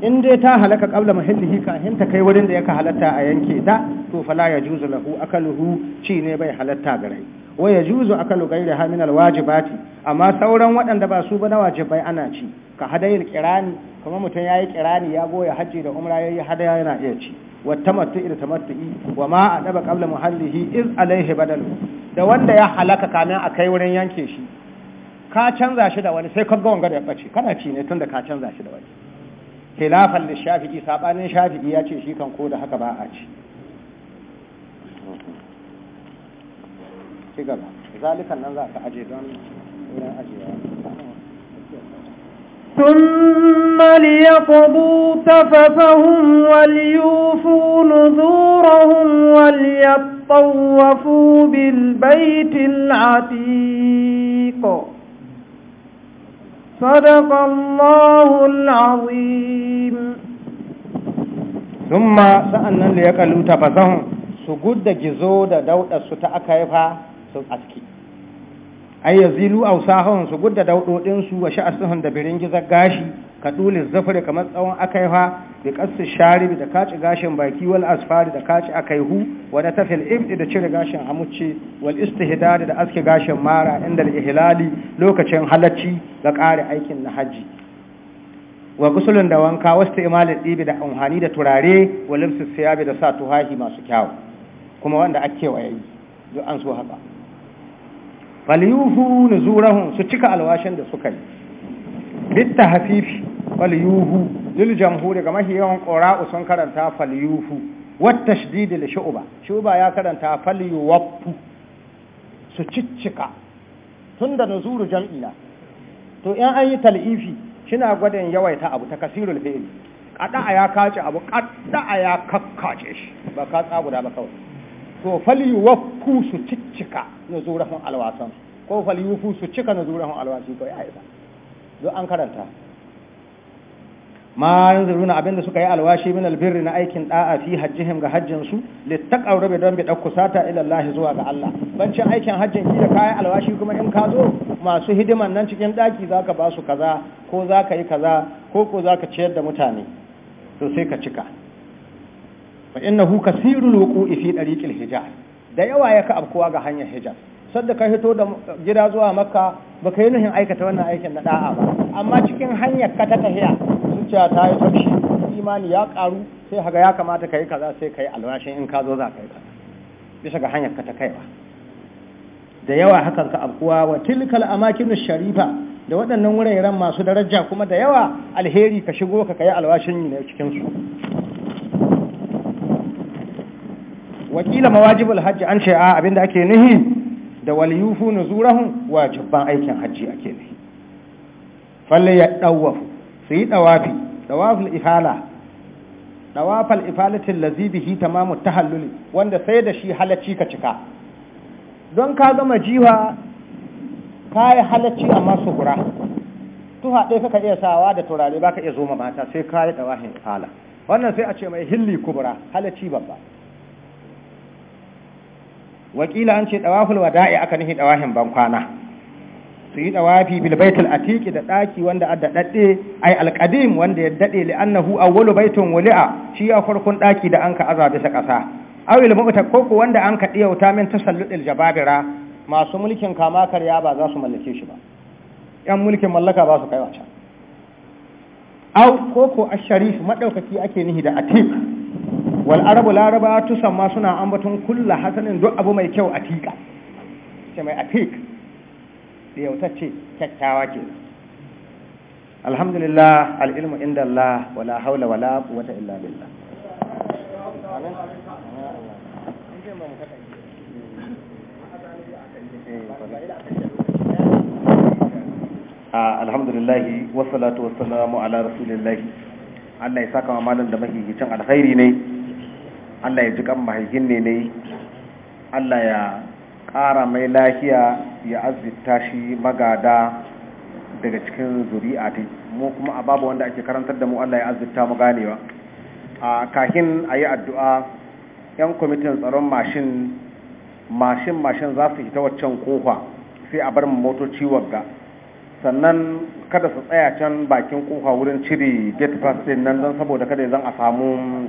in dai ta halaka qabla mahallihi kafin ta kai wurin da yake halatta a yanke ta to fala yajuzu lahu akaluhu ci ne bai halatta gare wa yajuzu akalu ha min alwajibati amma sauran waɗanda ba su ba na wajibai ana ci ka hadayil qirani kamar mutum yayi qirani ya goya haji da umra yayi hadaya yana iya ci wa tamattu ila tamattu'i wa ma adaba qabla mahallihi iz alaihi badalu da wanda ya halaka kamin a kai wurin yanke shi ka canza shi da wani sai ka ga wanga da ya bace kana ci ne tunda ka canza shi da wani khilafan da shafi'i saɓanin shafi'i ya ce shi kan ko da haka ba a ci ci zalikan nan za ka aje don wurin ajiyewa ثم ليقضوا تففهم وليوفوا نذورهم وليطوفوا بالبيت العتيق صدق الله العظيم ثم سألنا ليقلوا تفزهم سجود جزو دا دوت السوطة أكايفا سأسكي أي يزيلوا أوساهم سجود دا دوت ودنسوا وشأسهم دا برنجزة قاشي كدول الزفر كما أكايفا bi kasu sharib da kaci gashin baki wal asfari da kaci akaihu wa da tafil ibdi da cire gashin hamucci wal istihdad da aske gashin mara inda al ihlali lokacin halacci ga kare aikin na haji wa gusulun da wanka wasu imalin ɗibi da amfani da turare wa limsis siyabi da sa tuhahi masu kyau kuma wanda ake wayayi duk an so haka falyuhu nuzurahum su cika alwashin da suka yi bitta hafifi falyuhu lil jamhuri ga mahi yawan qura'u sun karanta falyuhu wat tashdid li shu'ba shu'ba ya karanta falyuwaffu su ciccika tun na zuru jam'ina to in an yi tal'ifi shina gwadin yawaita abu ta kasirul fi'li kada ya kace abu kada ya kakkace shi ba ka tsaguda ba kawai to falyuwaffu su ciccika nuzurahum alwasan ko falyufu su cika nuzurahum alwasi to ya isa don an karanta ma yanzuruna abinda suka yi alwashi min albirri na aikin da'a fi hajjihim ga hajjin su littaqaw rabbi don bi dakusata ila Allah zuwa ga Allah bancin aikin hajjin ki da kayan alwashi kuma in ka zo masu hidiman nan cikin daki zaka ba su kaza ko zaka yi kaza ko ko zaka ciyar da mutane to sai ka cika fa innahu kasirul wuqu'i fi dariqil hijaz da yawa ya ka ga hanyar hijaz sadda ka hito da gida zuwa makka baka yi nuhin aikata wannan aikin na da'a ba amma cikin hanyar ka ta tahiya zuciya ta yi taushi imani ya karu sai haga ya kamata ka yi kaza sai ka yi alwashin in ka zo za ka yi kaza bisa ga hanyar ka ta kaiwa da yawa hakan ka abkuwa wa tilkal amakinu sharifa da waɗannan wuraren masu daraja kuma da yawa alheri ka shigo ka kai alwashin ne cikin su wakila mawajibul hajji an ce a abinda ake nuhi da waliyufu nuzurahum wajiban aikin hajji ake ne falle ya su yi ɗawafi ɗawafin ifala dawafal ifalatin lazibihi ta halluli wanda sai da shi halacci ka cika don ka gama jiwa ka yi halacci amma su gura tu ɗaya ka iya sawa da turare ba ka iya zoma mata sai ka yi ɗawafin ifala wannan sai a ce mai hilli kubura halacci babba wakila an ce ɗawafin wada'i aka nihi ɗawafin bankwana su yi dawafi bil baitul atiqi da daki wanda adda dadde ay qadim wanda ya dade li annahu awwalu baitun wuli'a shi ya farkon daki da anka aza bisa kasa ilmu mu'ta koko wanda anka diyauta min tasalludil jababira masu mulkin kama karya ba za su mallake shi ba yan mulkin mallaka ba su kai can aw koko asharif madaukaki ake nihi da atiq wal arabu laraba tusamma suna ambaton kullu hasanin duk abu mai kyau atiqa sai mai atiq ɗiyautacce kyakkyawa ke alhamdulillah al'ilmu inda Allah wala haula wala quwwata illa billah ah, alhamdulillahi wassalatu salamu ala rasulillahi Allah ya saka wa malam da mahihicin alkhairi ne Allah ya ji kan mahaihin ne ne Allah ya ƙara mai lahiya ya azurta shi magada daga cikin zuri'a ta mu kuma a babu wanda ake karantar da mu Allah ya azurta mu ganewa a kahin a yi addu'a yan kwamitin tsaron mashin mashin mashin za su hita waccan kofa sai a bar motoci wagga sannan kada su tsaya can bakin kofa wurin cire gate pass din nan don saboda kada zan a samu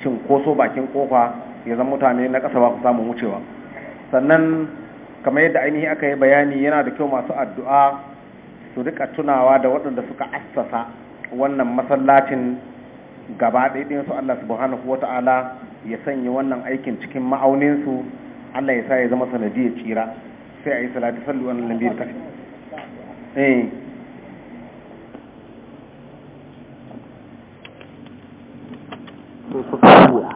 cinkoso bakin kofa ya zan mutane na ƙasa ba ku samun wucewa sannan kamar yadda ainihi aka yi bayani yana da kyau masu addu'a su rika tunawa da waɗanda suka assasa wannan masallacin gaba ɗaya su Allah subhanahu wata'ala ya sanya wannan aikin cikin ma'auninsu Allah ya sa ya zama sanadi ya tsira sai a yi salatu sallu wannan lambiyar kafi eh